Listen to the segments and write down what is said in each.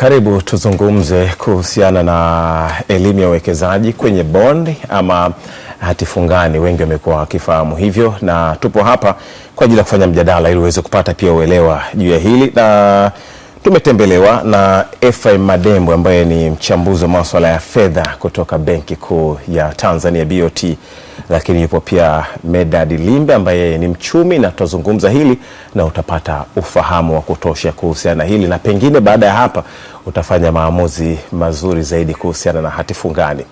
Karibu tuzungumze kuhusiana na elimu ya uwekezaji kwenye bond ama hati fungani, wengi wamekuwa wakifahamu hivyo, na tupo hapa kwa ajili ya kufanya mjadala ili uweze kupata pia uelewa juu ya hili na Tumetembelewa na Ephraim madembo ambaye ni mchambuzi wa masuala ya fedha kutoka Benki Kuu ya Tanzania BOT, lakini yupo pia Medad Limbe ambaye ni mchumi, na tutazungumza hili na utapata ufahamu wa kutosha kuhusiana na hili, na pengine baada ya hapa utafanya maamuzi mazuri zaidi kuhusiana na hati fungani.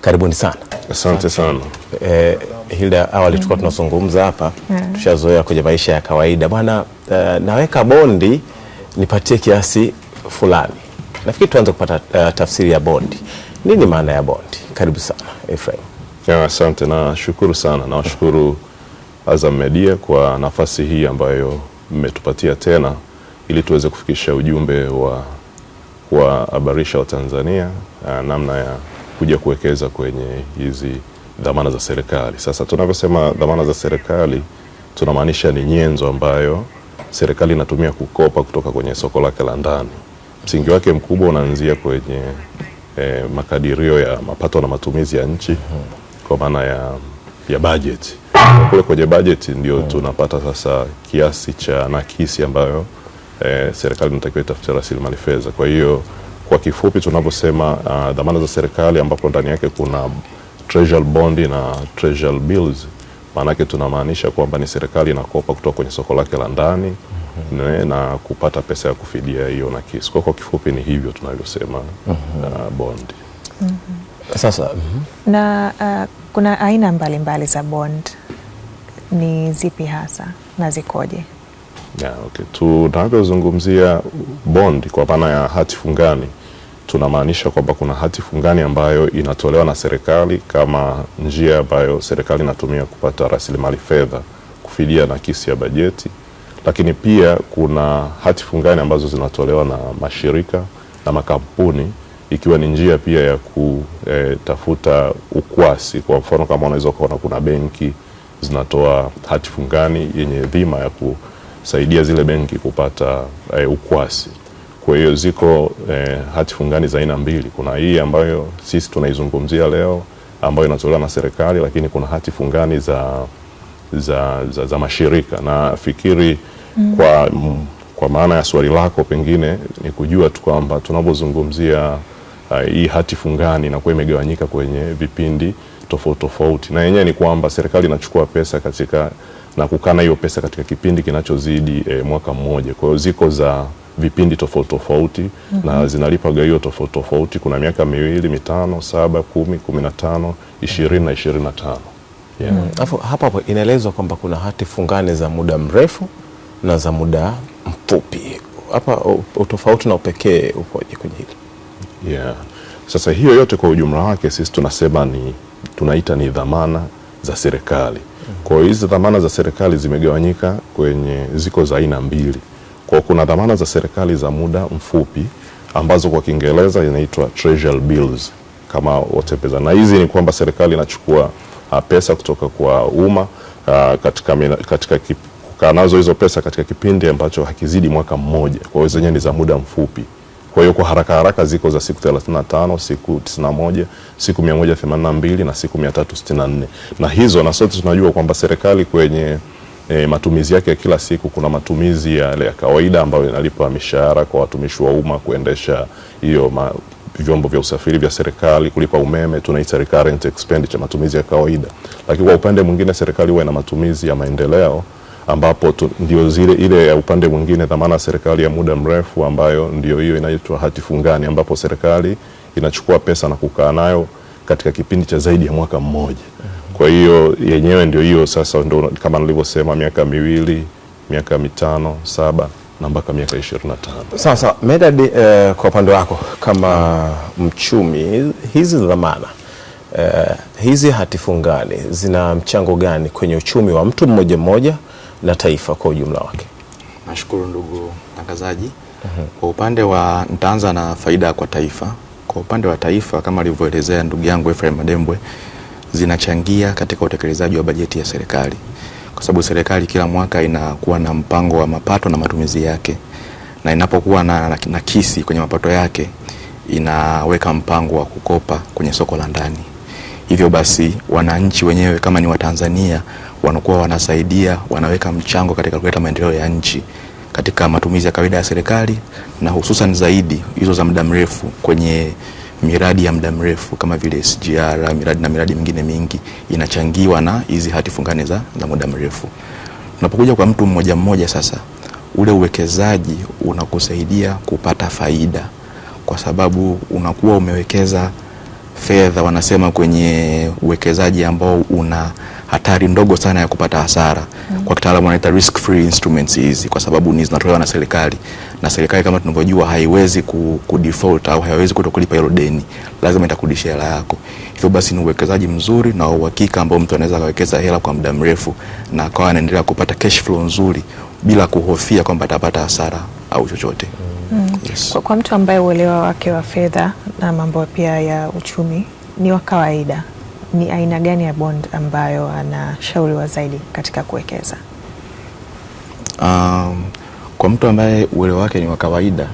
Karibuni sana. Asante sana. Eh, Hilda, awali tulikuwa tunazungumza hapa, mm. tushazoea kwenye maisha ya kawaida bwana, uh, naweka bondi nipatie kiasi fulani. Nafikiri tuanze kupata uh, tafsiri ya bondi. Nini maana ya bondi? Karibu sana Ephraim. Asante na shukuru sana, nawashukuru Azam Media kwa nafasi hii ambayo mmetupatia tena ili tuweze kufikisha ujumbe wa kuwahabarisha Watanzania eh, namna ya kuja kuwekeza kwenye hizi dhamana za serikali. Sasa tunavyosema dhamana za serikali tunamaanisha ni nyenzo ambayo serikali inatumia kukopa kutoka kwenye soko lake la ndani. Msingi wake mkubwa unaanzia kwenye eh, makadirio ya mapato na matumizi ya nchi kwa maana ya, ya bajeti. Kule kwenye bajeti ndio hmm. tunapata sasa kiasi cha nakisi ambayo eh, serikali inatakiwa itafute rasilimali fedha. Kwa hiyo kwa kifupi tunavyosema uh, dhamana za serikali ambapo ndani yake kuna treasury bond na treasury bills maanake tunamaanisha kwamba ni serikali inakopa kutoka kwenye soko lake la ndani mm -hmm. na kupata pesa ya kufidia hiyo nakisi. Kwa kwa kifupi ni hivyo tunavyosema mm -hmm. uh, bondi mm -hmm. Sasa mm -hmm. na uh, kuna aina mbalimbali mbali za bond, ni zipi hasa na zikoje? Yeah, okay. Tunavyozungumzia bondi kwa maana ya hati fungani tunamaanisha kwamba kuna hati fungani ambayo inatolewa na serikali kama njia ambayo serikali inatumia kupata rasilimali fedha kufidia nakisi ya bajeti, lakini pia kuna hati fungani ambazo zinatolewa na mashirika na makampuni ikiwa ni njia pia ya kutafuta e, ukwasi. Kwa mfano, kama unaweza ukaona kuna benki zinatoa hati fungani yenye dhima ya kusaidia zile benki kupata e, ukwasi. Kwa hiyo ziko eh, hati fungani za aina mbili. Kuna hii ambayo sisi tunaizungumzia leo ambayo inatolewa na serikali, lakini kuna hati fungani za, za, za, za mashirika na fikiri mm. kwa, m, kwa maana ya swali lako pengine ni kujua tu kwamba tunapozungumzia uh, eh, hii hati fungani inakuwa imegawanyika kwenye vipindi tofauti tofauti, na yenyewe ni kwamba serikali inachukua pesa katika na kukana hiyo pesa katika kipindi kinachozidi e, mwaka mmoja. Kwa hiyo ziko za vipindi tofauti tofauti mm -hmm. na mhm. zinalipa gawio tofauti tofauti, kuna miaka miwili, mitano, saba, kumi, kumi na tano, ishirini na ishirini na tano. Yeah. Mm. hapa hapo inaelezwa kwamba kuna hati fungani za muda mrefu na za muda mfupi. Hapa utofauti na upekee upoje kwenye hili? Yeah. Sasa hiyo yote kwa ujumla wake sisi tunasema ni tunaita ni dhamana za serikali. Kwa hiyo hizi dhamana za serikali zimegawanyika kwenye, ziko za aina mbili. Kwa kuna dhamana za serikali za muda mfupi ambazo kwa Kiingereza inaitwa treasury bills kama watepeza, na hizi ni kwamba serikali inachukua uh, pesa kutoka kwa umma uh, katika, katika kukaa nazo hizo pesa katika kipindi ambacho hakizidi mwaka mmoja. Kwa hiyo zenyewe ni za muda mfupi. Kwa hiyo kwa haraka haraka ziko za siku 35, siku 91, siku 182 na siku 364, na hizo na sote tunajua kwamba serikali kwenye e, matumizi yake ya kila siku kuna matumizi yale ya kawaida ambayo inalipa mishahara kwa watumishi wa umma, kuendesha hiyo vyombo vya usafiri vya serikali, kulipa umeme, tunaita recurrent expenditure, matumizi ya kawaida. Lakini kwa upande mwingine serikali huwa ina matumizi ya maendeleo ambapo tu, ndio zile ile ya upande mwingine dhamana serikali ya muda mrefu ambayo ndio hiyo inaitwa hati fungani, ambapo serikali inachukua pesa na kukaa nayo katika kipindi cha zaidi ya mwaka mmoja. Kwa hiyo yenyewe ndio hiyo sasa, ndio kama nilivyosema, miaka miwili, miaka mitano, saba na mpaka miaka 25. Sasa Medad, uh, eh, kwa upande wako kama mchumi, hizi dhamana uh, hizi hatifungani zina mchango gani kwenye uchumi wa mtu mmoja mmoja na taifa kwa ujumla wake. Nashukuru ndugu mtangazaji. Mhm. Kwa upande wa nitaanza na faida kwa taifa. Kwa upande wa taifa kama alivyoelezea ndugu yangu Ephraim Madembwe, zinachangia katika utekelezaji wa bajeti ya serikali, kwa sababu serikali kila mwaka inakuwa na mpango wa mapato na matumizi yake, na inapokuwa na nakisi kwenye mapato yake inaweka mpango wa kukopa kwenye soko la ndani. Hivyo basi wananchi wenyewe kama ni Watanzania wanakuwa wanasaidia, wanaweka mchango katika kuleta maendeleo ya nchi katika matumizi ya kawaida ya serikali na hususan zaidi hizo za muda mrefu kwenye miradi ya muda mrefu kama vile SGR miradi na miradi mingine mingi inachangiwa na hizi hati fungani za, za muda mrefu. Unapokuja kwa mtu mmoja mmoja, sasa ule uwekezaji unakusaidia kupata faida, kwa sababu unakuwa umewekeza fedha, wanasema kwenye uwekezaji ambao una hatari ndogo sana ya kupata hasara mm -hmm. Kwa kitaalamu wanaita risk free instruments hizi, kwa sababu ni zinatolewa na serikali, na serikali kama tunavyojua haiwezi ku, ku default au haiwezi kutokulipa hilo deni, lazima itakurudishia hela yako. Hivyo basi ni uwekezaji mzuri na uhakika ambao mtu anaweza kawekeza hela kwa muda mrefu na akawa anaendelea kupata cash flow nzuri bila kuhofia kwamba atapata hasara au chochote mm Yes. Kwa, kwa mtu ambaye uelewa wake wa fedha na mambo pia ya uchumi ni wa kawaida ni aina gani ya bond ambayo anashauriwa zaidi katika kuwekeza? Um, kwa mtu ambaye uelewa wake ni wa kawaida,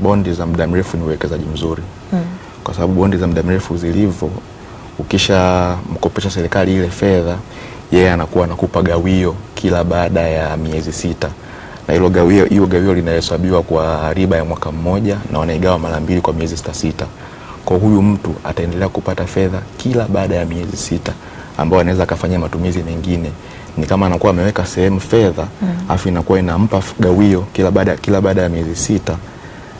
bondi za muda mrefu ni uwekezaji mzuri hmm, Kwa sababu bondi za muda mrefu zilivyo, ukisha mkopesha serikali ile fedha, yeye anakuwa anakupa gawio kila baada ya miezi sita, na hilo gawio, hiyo gawio linahesabiwa kwa riba ya mwaka mmoja na wanaigawa mara mbili kwa miezi sita sita kwa huyu mtu ataendelea kupata fedha kila baada ya miezi sita ambayo anaweza akafanyia matumizi mengine. Ni kama anakuwa ameweka sehemu fedha mm. afu inakuwa inampa gawio kila baada kila baada ya miezi sita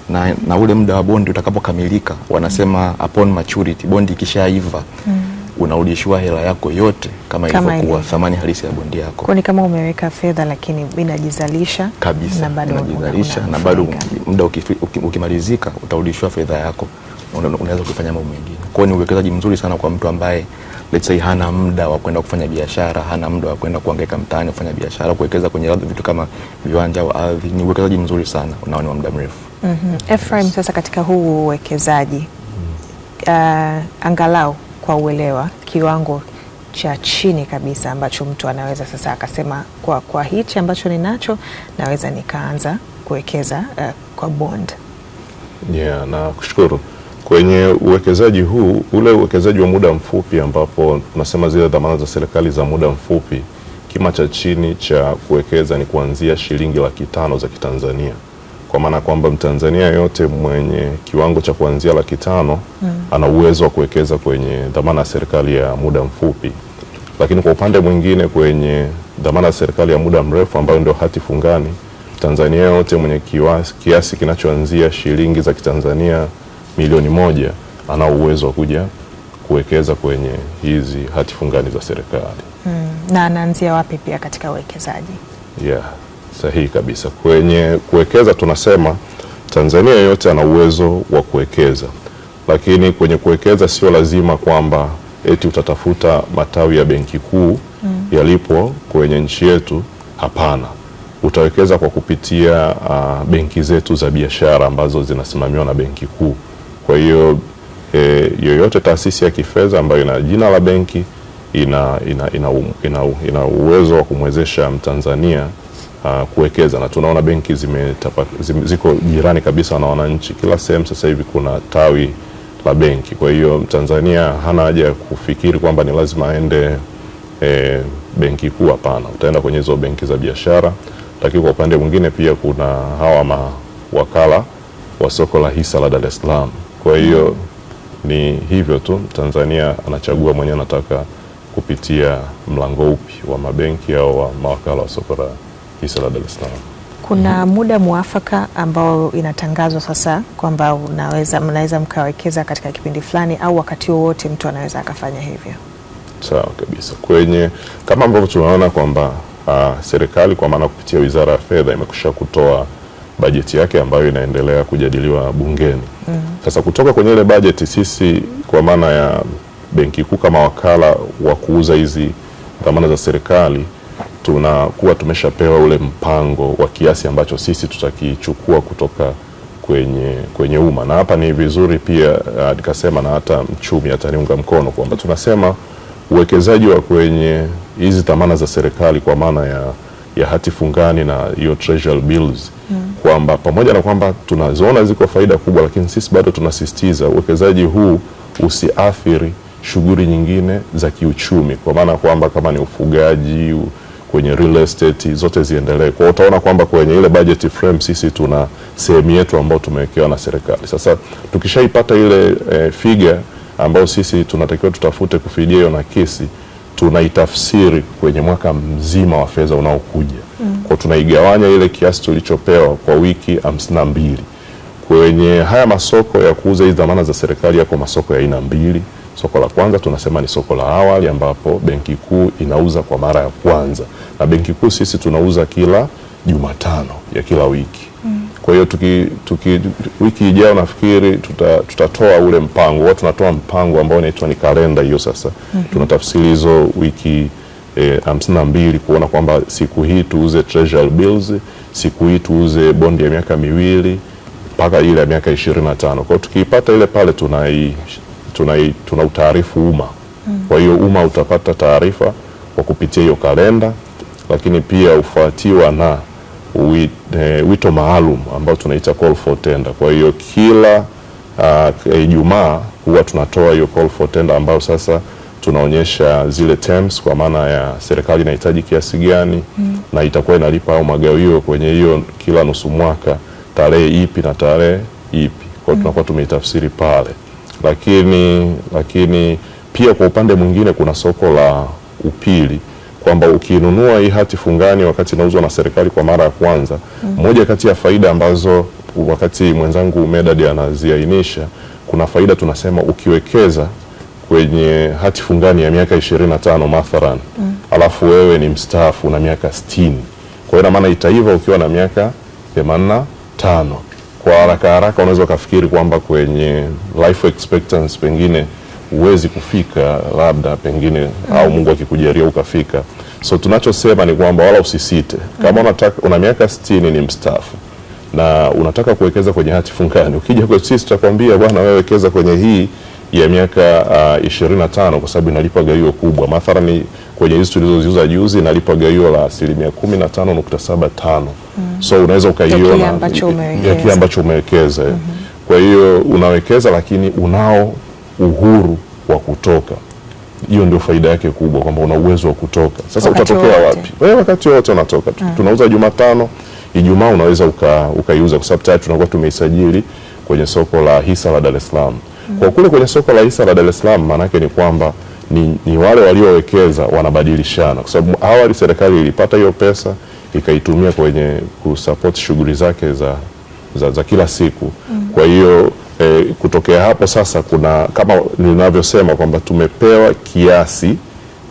na, na ule muda wa bondi utakapokamilika wanasema mm. upon maturity bondi ikishaiva mm. unarudishiwa hela yako yote kama, kama ilivyokuwa thamani halisi ya bondi yako. Kwa ni kama umeweka fedha lakini inajizalisha kabisa, inajizalisha na bado muda ukimalizika utarudishiwa fedha yako unaweza kufanya mambo mengine. Kwa hiyo ni uwekezaji mzuri sana kwa mtu ambaye let's say hana muda wa kwenda kufanya biashara, hana muda wa kwenda kuhangaika mtaani kufanya biashara, kuwekeza kwenye labda vitu kama viwanja au ardhi ni uwekezaji mzuri sana unaona wa muda mrefu. mm -hmm. Ephraim, sasa katika huu uwekezaji mm. uh, angalau kwa uelewa kiwango cha chini kabisa ambacho mtu anaweza sasa akasema kwa, kwa hichi ambacho ninacho naweza nikaanza kuwekeza uh, kwa bond. Yeah, na kushukuru Kwenye uwekezaji huu, ule uwekezaji wa muda mfupi, ambapo tunasema zile dhamana za serikali za muda mfupi, kima cha chini cha kuwekeza ni kuanzia shilingi laki tano za Kitanzania, kwa maana kwamba Mtanzania yote mwenye kiwango cha kuanzia laki tano mm, ana uwezo wa kuwekeza kwenye dhamana ya serikali ya muda mfupi. Lakini kwa upande mwingine, kwenye dhamana ya serikali ya muda mrefu ambayo ndio hati fungani, Mtanzania yote mwenye kiasi kinachoanzia shilingi za Kitanzania milioni moja ana uwezo wa kuja kuwekeza kwenye hizi hati fungani za serikali hmm. Na anaanzia wapi pia katika uwekezaji? Yeah, sahihi kabisa. Kwenye kuwekeza tunasema Tanzania yote ana uwezo wa kuwekeza, lakini kwenye kuwekeza sio lazima kwamba eti utatafuta matawi ya benki kuu hmm. yalipo kwenye nchi yetu. Hapana, utawekeza kwa kupitia uh, benki zetu za biashara ambazo zinasimamiwa na benki kuu. Kwa hiyo e, yoyote taasisi ya kifedha ambayo ina jina la benki ina, ina, ina, ina, ina uwezo wa kumwezesha Mtanzania uh, kuwekeza na tunaona benki zime, zime, ziko jirani kabisa na wananchi. Kila sehemu sasa hivi kuna tawi la benki. Kwa hiyo Mtanzania hana haja ya kufikiri kwamba ni lazima aende e, benki kuu. Hapana, utaenda kwenye hizo benki za biashara. Lakini kwa upande mwingine pia kuna hawa mawakala wa soko la hisa la Dar es Salaam. Kwa hiyo ni hivyo tu, Tanzania anachagua mwenyewe anataka kupitia mlango upi wa mabenki au wa mawakala wa soko la hisa la Dar es Salaam. Kuna muda mwafaka ambao inatangazwa sasa kwamba unaweza mnaweza mkawekeza katika kipindi fulani au wakati wowote mtu anaweza akafanya hivyo? Sawa kabisa, kwenye kama ambavyo tumeona kwamba ah, serikali kwa maana kupitia Wizara ya Fedha imekusha kutoa bajeti yake ambayo inaendelea kujadiliwa bungeni. mm -hmm. Sasa kutoka kwenye ile bajeti sisi kwa maana ya Benki Kuu kama wakala wa kuuza hizi dhamana za serikali tunakuwa tumeshapewa ule mpango wa kiasi ambacho sisi tutakichukua kutoka kwenye kwenye umma, na hapa ni vizuri pia uh, nikasema, na hata mchumi ataniunga mkono kwamba tunasema uwekezaji wa kwenye hizi dhamana za serikali kwa maana ya ya hati fungani na hiyo treasury bills mm. kwamba pamoja na kwamba tunazoona ziko faida kubwa, lakini sisi bado tunasisitiza uwekezaji huu usiathiri shughuli nyingine za kiuchumi, kwa maana kwamba kama ni ufugaji kwenye real estate zote ziendelee. Kwa utaona kwamba kwenye ile budget frame sisi tuna sehemu yetu ambayo tumewekewa na serikali. Sasa tukishaipata ile e, eh, figa ambayo sisi tunatakiwa tutafute kufidia hiyo nakisi tunaitafsiri kwenye mwaka mzima wa fedha unaokuja mm. Kwa tunaigawanya ile kiasi tulichopewa kwa wiki hamsini na mbili. Kwenye haya masoko ya kuuza hizi dhamana za serikali yako masoko ya aina mbili. Soko la kwanza tunasema ni soko la awali ambapo Benki Kuu inauza kwa mara ya kwanza, na Benki Kuu sisi tunauza kila Jumatano ya kila wiki. Kwa hiyo tuki, tuki, wiki ijayo nafikiri tuta, tutatoa ule mpango watu tunatoa mpango ambao unaitwa ni kalenda hiyo. Sasa mm -hmm. tunatafsiri hizo wiki eh, hamsini na mbili kuona kwamba siku hii tuuze treasury bills, siku hii tuuze bondi ya miaka miwili mpaka ile ya miaka ishirini na tano. Kwa hiyo tukiipata ile pale tunai, tunai, tuna utaarifu umma mhm. kwa hiyo umma utapata taarifa kwa kupitia hiyo kalenda, lakini pia ufuatiwa na Eh, wito maalum ambao tunaita call for tender. Kwa hiyo kila ah, eh, Ijumaa uh, huwa tunatoa hiyo call for tender ambayo sasa tunaonyesha zile terms kwa maana ya serikali inahitaji kiasi gani mm. na itakuwa inalipa au magawio kwenye hiyo kila nusu mwaka tarehe ipi na tarehe ipi. Kwa hiyo mm. tunakuwa tumeitafsiri pale, lakini lakini pia kwa upande mwingine kuna soko la upili kwamba ukinunua hii hati fungani wakati inauzwa na serikali kwa mara ya kwanza, mm. moja kati ya faida ambazo wakati mwenzangu Medad anaziainisha, kuna faida tunasema ukiwekeza kwenye hati fungani ya miaka 25 mathalan mm. alafu wewe ni mstaafu na miaka 60, kwa hiyo ina maana itaiva ukiwa na miaka 85. Kwa haraka haraka unaweza ukafikiri kwamba kwenye life expectancy pengine huwezi kufika labda pengine mm. au mhm. Mungu akikujalia ukafika mm. So tunachosema ni kwamba wala usisite kama unataka, una miaka 60 ni mstaafu na unataka kuwekeza kwenye hati fungani, ukija kwetu sisi tutakwambia bwana, wewe wekeza kwenye hii ya miaka uh, ah, 25 kwa sababu inalipa gawio kubwa. Mathalani kwenye hizi tulizoziuza juzi inalipa gawio la asilimia 15.75 mm. Mm-hmm. So unaweza ukaiona ya kile ambacho umewekeza mm -hmm. Kwa hiyo unawekeza, lakini unao uhuru wa kutoka hiyo ndio faida yake kubwa, kwamba una uwezo wa kutoka sasa. Utatokea wapi wewe? Wakati wote unatoka tu. Mm. Tunauza Jumatano, Ijumaa unaweza ukaiuza, kwa sababu tayari tunakuwa tumeisajili kwenye soko la hisa la Dar es Salaam. Mm. Kwa kule kwenye soko la hisa la Dar es Salaam, maana yake ni kwamba ni, ni wale waliowekeza wanabadilishana, kwa sababu awali serikali ilipata hiyo pesa ikaitumia kwenye kusupport shughuli zake za, za, za kila siku. Mm. Kwa hiyo E, kutokea hapo sasa kuna kama ninavyosema kwamba tumepewa kiasi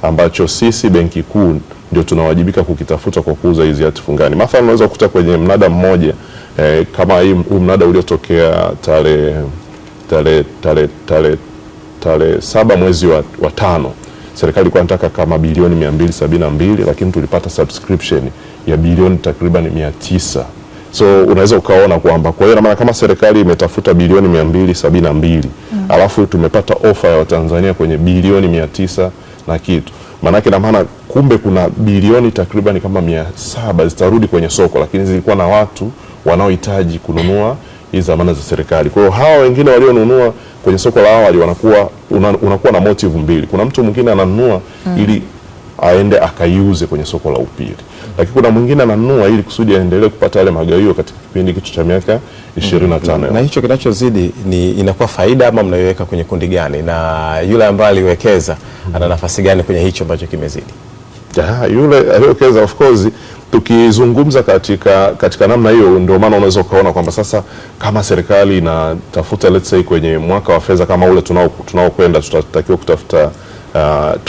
ambacho sisi Benki Kuu ndio tunawajibika kukitafuta kwa kuuza hizi hati fungani. Mathalan, unaweza kukuta kwenye mnada mmoja e, kama huu mnada uliotokea tarehe tarehe tarehe tarehe saba mwezi wa, wa tano serikali ilikuwa inataka kama bilioni 272 lakini tulipata subscription ya bilioni takriban 900 So unaweza ukaona kwamba kwa hiyo na maana kama serikali imetafuta bilioni mia mbili sabini na mbili mm. alafu tumepata ofa ya Watanzania kwenye bilioni mia tisa na kitu maanake na maana kumbe kuna bilioni takriban kama mia saba zitarudi kwenye soko, lakini zilikuwa na watu wanaohitaji kununua hizi dhamana za serikali. Kwa hiyo hawa wengine walionunua kwenye soko la awali wanakuwa una, unakuwa na motive mbili. Kuna mtu mwingine ananunua mm. ili aende akaiuze kwenye soko la upili lakini kuna mwingine ananunua ili kusudi aendelee kupata yale magawio katika kipindi hicho cha miaka 25. Hmm. Na hicho kinachozidi ni inakuwa faida ama mnaiweka kwenye kundi gani, na yule ambaye aliwekeza hmm, ana mhm. nafasi gani kwenye hicho ambacho kimezidi? Ja, yule aliwekeza of course tukizungumza katika, katika namna hiyo, ndio maana unaweza ukaona kwamba sasa kama serikali inatafuta let's say kwenye mwaka wa fedha kama ule tunaokwenda tutatakiwa kutafuta uh,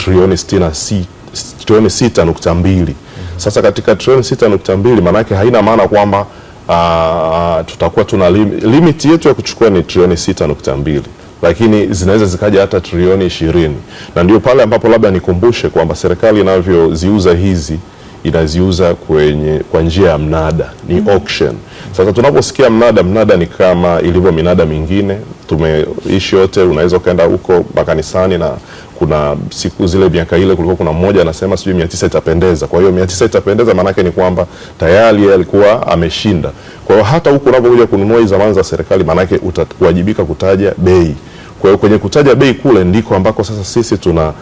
trilioni sita nukta mbili sasa katika trilioni 6.2 manake haina maana kwamba uh, tutakuwa tuna lim, limit yetu ya kuchukua ni trilioni 6.2 lakini zinaweza zikaja hata trilioni ishirini na ndio pale ambapo labda nikumbushe kwamba serikali inavyoziuza hizi inaziuza kwenye kwa njia ya mnada, ni mhm. auction. Sasa tunaposikia mnada, mnada ni kama ilivyo minada mingine tumeishi yote. Unaweza ukaenda huko makanisani na kuna siku zile miaka ile kulikuwa kuna mmoja anasema sijui mia tisa itapendeza. Kwa hiyo mia tisa itapendeza maanake ni kwamba tayari yeye alikuwa ameshinda. Kwa hiyo hata huku unapokuja kununua hizo zamani za serikali, maanake utawajibika kutaja bei. Kwa hiyo kwenye kutaja bei kule ndiko ambako sasa sisi tuna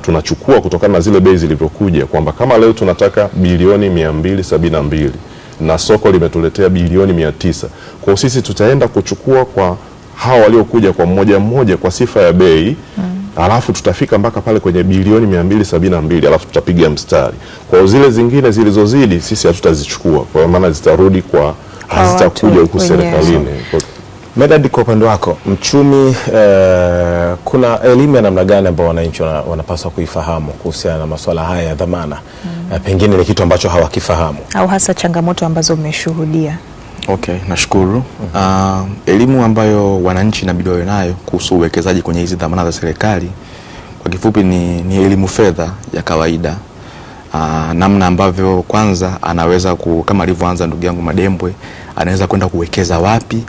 tunachukua tuna kutokana na zile bei zilivyokuja kwamba kama leo tunataka bilioni mia mbili sabini na mbili na soko limetuletea bilioni mia tisa. Kwa sisi tutaenda kuchukua kwa hawa waliokuja kwa mmoja mmoja kwa sifa ya bei mm. Alafu tutafika mpaka pale kwenye bilioni mia mbili sabini na mbili alafu tutapiga mstari. Kwa zile zingine zilizozidi sisi hatutazichukua, kwa maana zitarudi kwa hazitakuja huku serikalini. Medad, kwa upande wako mchumi, eh, kuna elimu ya namna gani ambao wananchi wanapaswa kuifahamu kuhusiana na masuala haya ya dhamana? mm. Eh, pengine ni kitu ambacho hawakifahamu au hasa changamoto ambazo umeshuhudia? Okay, nashukuru. Uh, elimu ambayo wananchi inabidi wawe nayo kuhusu uwekezaji kwenye hizi dhamana za serikali kwa kifupi ni, ni elimu fedha ya kawaida uh, namna ambavyo kwanza anaweza ku, kama alivyoanza ndugu yangu Madembwe anaweza kwenda kuwekeza wapi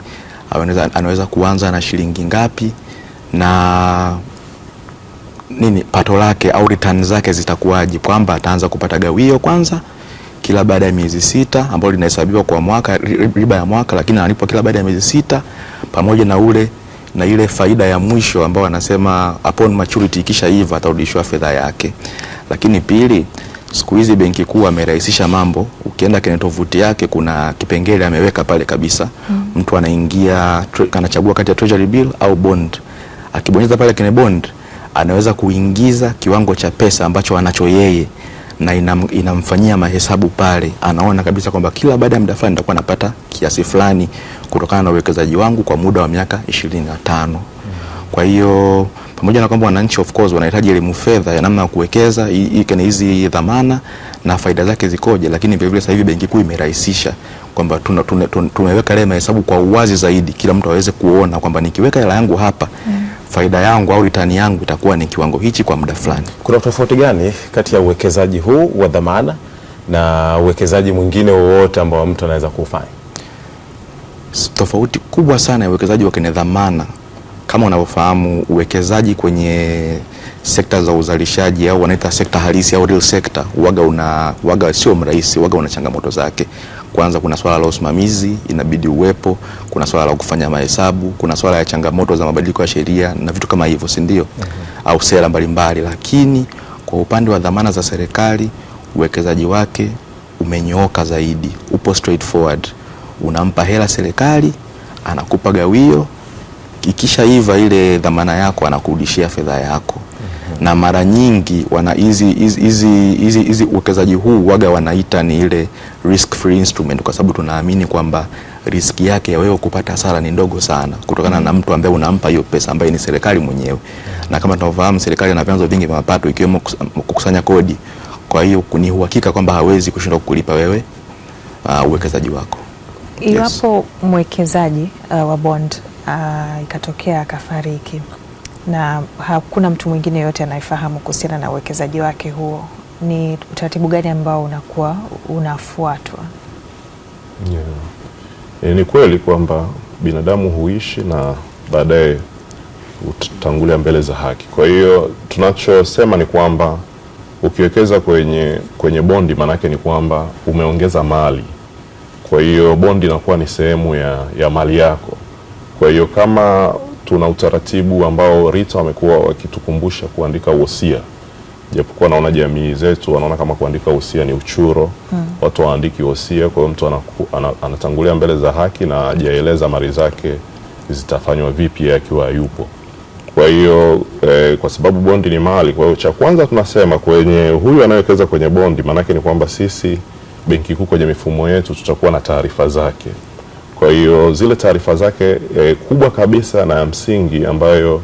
anaweza, anaweza kuanza na shilingi ngapi na nini pato lake au return zake zitakuwaje, kwamba ataanza kupata gawio kwanza kila baada ya miezi sita ambalo linahesabiwa kwa mwaka riba ya mwaka, lakini analipwa kila baada ya miezi sita pamoja na ule na ile faida ya mwisho ambao anasema upon maturity, ikisha hivyo fedha yake. Lakini pili Siku hizi Benki Kuu amerahisisha mambo. Ukienda kwenye tovuti yake kuna kipengele ameweka pale kabisa mm. Mtu anaingia anachagua kati ya treasury bill au bond. Akibonyeza pale kwenye bond anaweza kuingiza kiwango cha pesa ambacho anacho yeye na inam, inamfanyia mahesabu pale, anaona kabisa kwamba kila baada ya muda fulani nitakuwa napata kiasi fulani kutokana na uwekezaji wangu kwa muda wa miaka ishirini na tano. Mm. Kwa hiyo pamoja na kwamba wananchi of course wanahitaji elimu fedha ya namna ya kuwekeza hizi dhamana na faida zake zikoje, lakini vile vile sasa hivi Benki Kuu imerahisisha kwamba tuna, tuna, tuna, tumeweka yale mahesabu kwa uwazi zaidi, kila mtu aweze kuona kwamba nikiweka hela yangu hapa mm. faida yangu au ritani yangu itakuwa ni kiwango hichi kwa muda fulani. Kuna tofauti gani kati ya uwekezaji huu wa dhamana na uwekezaji mwingine wowote ambao mtu anaweza kufanya? Tofauti kubwa sana ya uwekezaji wa kwenye dhamana kama unavyofahamu uwekezaji kwenye sekta za uzalishaji au wanaita sekta halisi au real sector, waga una waga sio mrahisi, waga una changamoto zake. Kwanza kuna swala la usimamizi inabidi uwepo, kuna swala la kufanya mahesabu, kuna swala ya changamoto za mabadiliko ya sheria na vitu kama hivyo, si ndio? mm -hmm. au sera mbalimbali, lakini kwa upande wa dhamana za serikali uwekezaji wake umenyooka zaidi, upo straightforward, unampa hela serikali, anakupa gawio ikishaiva ile dhamana yako anakurudishia fedha yako na mara nyingi wana hizi hizi hizi hizi uwekezaji huu waga wanaita ni ile risk free instrument, kwa sababu tunaamini kwamba riski yake ya wewe kupata hasara ni ndogo sana kutokana mm. na mtu ambaye unampa hiyo pesa ambaye ni serikali mwenyewe. mm. Na kama tunavyofahamu, serikali ina vyanzo vingi vya mapato ikiwemo kukusanya kodi. Kwa hiyo ni uhakika kwamba hawezi kushindwa kukulipa wewe uh, uwekezaji wako. Iwapo yes, mwekezaji uh, wa bond uh, ikatokea akafariki na hakuna mtu mwingine yote anayefahamu kuhusiana na uwekezaji wake huo, ni utaratibu gani ambao unakuwa unafuatwa? Yeah. E, ni kweli kwamba binadamu huishi na baadaye utangulia mbele za haki. Kwa hiyo tunachosema ni kwamba ukiwekeza kwenye, kwenye bondi maanake ni kwamba umeongeza mali, kwa hiyo bondi inakuwa ni sehemu ya, ya mali yako kwa hiyo kama tuna utaratibu ambao RITA wamekuwa wakitukumbusha kuandika wosia, japokuwa naona jamii zetu wanaona kama kuandika wosia ni uchuro hmm. Watu waandiki wosia, kwa hiyo mtu anaku, anatangulia mbele za haki na ajaeleza mali zake zitafanywa vipi akiwa hayupo. Kwa hiyo eh, kwa sababu bondi ni mali, kwa hiyo cha kwanza tunasema kwenye huyu anayewekeza kwenye bondi, maanake ni kwamba sisi Benki Kuu kwenye mifumo yetu tutakuwa na taarifa zake. Kwa hiyo zile taarifa zake e, kubwa kabisa na ya msingi ambayo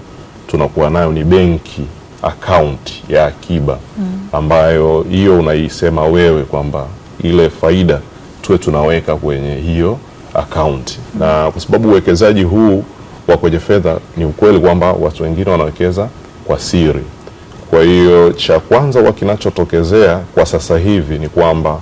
tunakuwa nayo ni benki akaunti ya akiba mm. ambayo hiyo unaisema wewe kwamba ile faida tuwe tunaweka kwenye hiyo akaunti, mm. na kwa sababu uwekezaji huu wa kwenye fedha ni ukweli kwamba watu wengine wanawekeza kwa siri. Kwa hiyo cha kwanza wakinachotokezea kinachotokezea kwa sasa hivi ni kwamba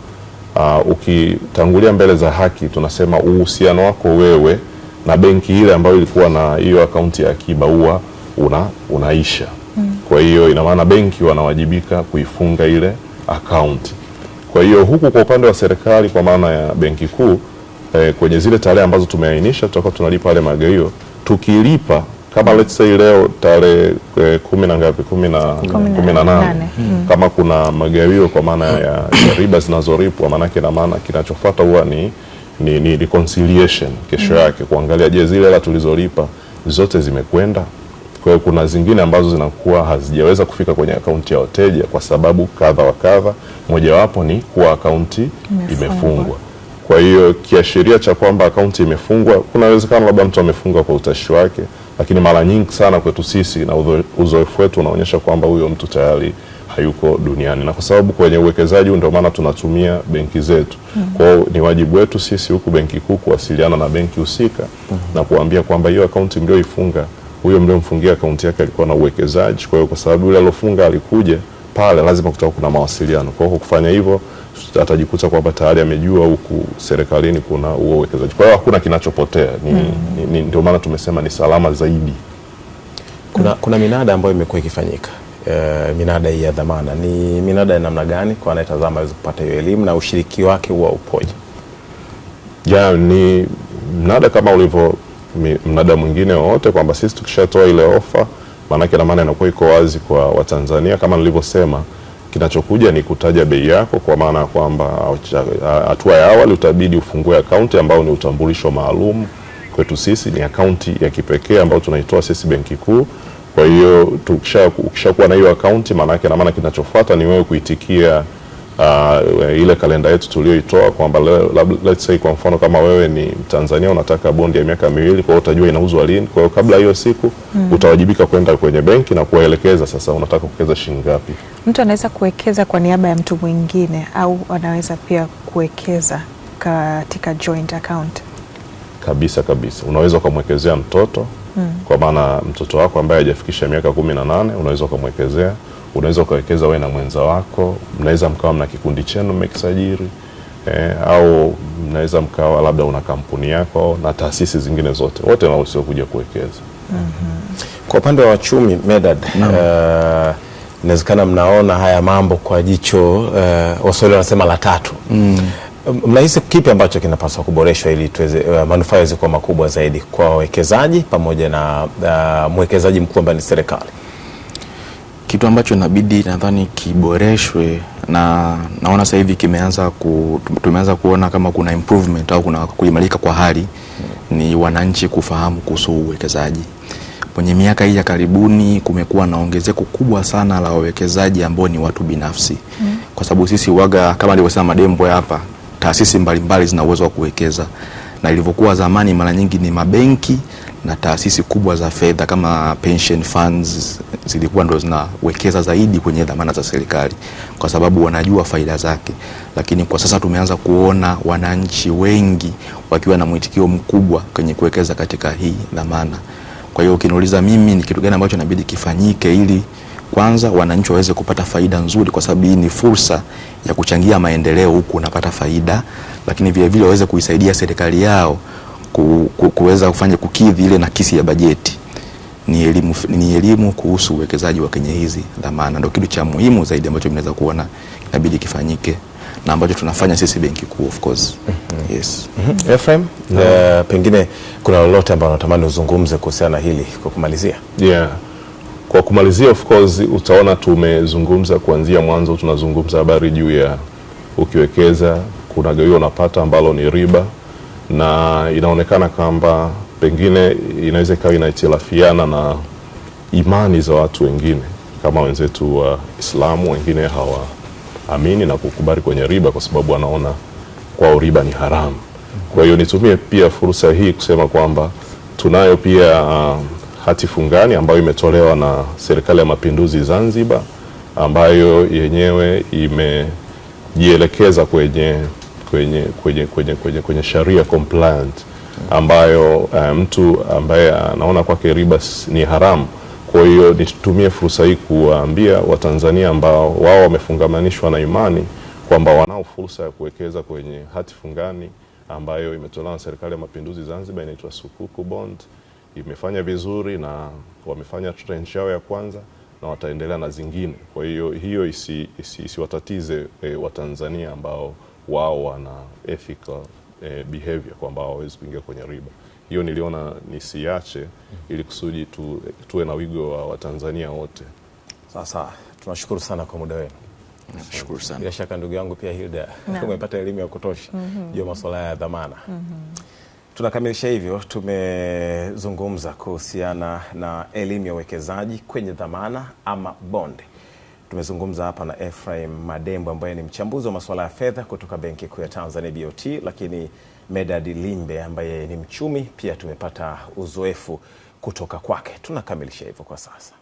uh, ukitangulia mbele za haki, tunasema uhusiano wako wewe na benki ile ambayo ilikuwa na hiyo akaunti ya akiba huwa una, unaisha hmm. Kwa hiyo ina maana benki wanawajibika kuifunga ile akaunti. Kwa hiyo huku kwa upande wa serikali kwa maana ya benki kuu eh, kwenye zile tarehe ambazo tumeainisha tutakuwa tunalipa yale magaio tukilipa kama let's say leo tarehe eh, kumi na ngapi, kumi na nane, hmm. Hmm. kama kuna magawio kwa maana ya, ya riba zinazoripwa, maanake na maana kinachofuata huwa ni, ni, ni reconciliation kesho hmm. yake kuangalia, je, zile hela tulizolipa zote zimekwenda. Kwa hiyo kuna zingine ambazo zinakuwa hazijaweza kufika kwenye akaunti ya wateja kwa sababu kadha wa kadha, mojawapo ni kuwa akaunti imefungwa. Kwa hiyo kiashiria cha kwamba akaunti imefungwa, kuna uwezekano labda mtu amefunga kwa utashi wake lakini mara nyingi sana kwetu sisi na uzoefu wetu unaonyesha kwamba huyo mtu tayari hayuko duniani, na kwa sababu kwenye uwekezaji ndio maana tunatumia benki zetu. mm -hmm. Kwa ni wajibu wetu sisi huku Benki Kuu kuwasiliana na benki husika mm -hmm. na kuambia kwamba hiyo akaunti mlioifunga, huyo mliomfungia akaunti yake alikuwa na uwekezaji. Kwa hiyo kwa sababu yule alofunga alikuja pale, lazima kutakuwa kuna mawasiliano. Kwa hiyo kufanya hivyo atajikuta kwamba tayari amejua huku serikalini kuna huo uwekezaji. Kwa hiyo hakuna kinachopotea, ni, mm ni, ni, ndio maana tumesema ni salama zaidi. Kuna, kuna minada ambayo imekuwa ikifanyika Uh, minada hii ya dhamana ni minada ya namna gani kwa anayetazama aweze kupata hiyo elimu na ushiriki wake huwa upoje? Ja, ni mnada kama ulivyo mnada mwingine wowote kwamba sisi tukishatoa ile ofa, maanake maana inakuwa iko wazi kwa Watanzania kama nilivyosema kinachokuja ni kutaja bei yako, kwa maana ya kwamba uh, uh, hatua ya awali utabidi ufungue akaunti ambao ni utambulisho maalum kwetu sisi, ni akaunti ya kipekee ambayo tunaitoa sisi Benki Kuu. Kwa hiyo ukishakuwa na hiyo akaunti, maana yake na maana kinachofuata ni wewe kuitikia uh, ile kalenda yetu tulioitoa kwamba let's say kwa mfano kama wewe ni Mtanzania unataka bondi ya miaka miwili, kwa hiyo utajua inauzwa lini. Kwa hiyo kabla hiyo siku mm, utawajibika kwenda kwenye benki na kuwaelekeza sasa unataka kuwekeza shilingi ngapi. Mtu anaweza kuwekeza kwa niaba ya mtu mwingine au anaweza pia kuwekeza katika joint account kabisa kabisa. Unaweza ukamwekezea mtoto mm, kwa maana mtoto wako ambaye hajafikisha miaka kumi na nane unaweza ukamwekezea unaweza ukawekeza wewe na mwenza wako, mnaweza mkawa mna kikundi chenu mmekisajili eh, au mnaweza mkawa labda una kampuni yako na taasisi zingine zote, wote wanaruhusiwa kuja kuwekeza. mm -hmm. Kwa upande wa wachumi Medad, mm. eh, inawezekana mnaona haya mambo kwa jicho uh, Waswahili wanasema la tatu mm. Mnahisi kipi ambacho kinapaswa kuboreshwa ili uh, manufaa yaweze kuwa makubwa zaidi kwa wawekezaji pamoja na uh, mwekezaji mkuu ambaye ni serikali? Kitu ambacho inabidi nadhani kiboreshwe na naona sasa hivi kimeanza ku, tumeanza kuona kama kuna improvement au kuna kuimarika kwa hali ni wananchi kufahamu kuhusu uwekezaji. Kwenye miaka hii ya karibuni kumekuwa na ongezeko kubwa sana la wawekezaji ambao ni watu binafsi mm. Kwa sababu sisi waga kama alivyosema Madembwe hapa, taasisi mbalimbali zina uwezo wa kuwekeza, na ilivyokuwa zamani mara nyingi ni mabenki na taasisi kubwa za fedha kama pension funds zilikuwa ndo zinawekeza zaidi kwenye dhamana za serikali kwa sababu wanajua faida zake, lakini kwa sasa tumeanza kuona wananchi wengi wakiwa na mwitikio mkubwa kwenye kuwekeza katika hii dhamana. Kwa hiyo ukiniuliza mimi ni kitu gani ambacho inabidi kifanyike ili kwanza wananchi waweze kupata faida nzuri, kwa sababu hii ni fursa ya kuchangia maendeleo huku unapata faida, lakini vilevile waweze kuisaidia serikali yao ku, ku, kuweza kufanya kukidhi ile nakisi ya bajeti ni elimu, ni elimu kuhusu uwekezaji wa kwenye hizi dhamana, ndio kitu cha muhimu zaidi ambacho mnaweza kuona inabidi kifanyike na ambacho tunafanya sisi Benki Kuu of course. mm -hmm. Yes. mm -hmm. FM, Uh, eh, pengine kuna lolote ambalo natamani uzungumze kuhusiana na hili kwa kumalizia? Yeah. Kwa kumalizia of course utaona tumezungumza kuanzia mwanzo, tunazungumza habari juu ya ukiwekeza kuna gawio unapata ambalo ni riba na inaonekana kwamba pengine inaweza ikawa inahitilafiana na imani za watu wengine kama wenzetu wa Islamu, wengine hawaamini na kukubali kwenye riba kwa sababu wanaona kwao riba ni haramu. Kwa hiyo nitumie pia fursa hii kusema kwamba tunayo pia uh, hati fungani ambayo imetolewa na Serikali ya Mapinduzi Zanzibar ambayo yenyewe imejielekeza kwenye kwenye, kwenye, kwenye, kwenye, kwenye sharia compliant ambayo eh, mtu ambaye anaona kwake riba ni haramu. Kwa hiyo nitumie fursa hii kuwaambia Watanzania ambao wao wamefungamanishwa na imani kwamba wanao fursa ya kuwekeza kwenye hati fungani ambayo imetolewa na Serikali ya Mapinduzi Zanzibar, inaitwa Sukuku Bond, imefanya vizuri na wamefanya tranche yao ya kwanza na wataendelea na zingine. Kwa hiyo hiyo isiwatatize isi, isi eh, Watanzania ambao wao wana ethical eh, behavior kwamba hawawezi kuingia kwenye riba. Hiyo niliona nisiache ili kusudi tu, tuwe na wigo wa Watanzania wote. Sasa tunashukuru sana kwa muda wenu. Nashukuru sana. Bila shaka ndugu yangu pia Hilda umepata elimu ya kutosha mhm. juu mm -hmm. ya masuala ya dhamana mm -hmm. Tunakamilisha hivyo. Tumezungumza kuhusiana na elimu ya uwekezaji kwenye dhamana ama bonde. Tumezungumza hapa na Ephraim Madembo ambaye ni mchambuzi wa masuala ya fedha kutoka Benki Kuu ya Tanzania BOT, lakini medadi Limbe ambaye ni mchumi pia tumepata uzoefu kutoka kwake. Tunakamilisha hivyo kwa sasa.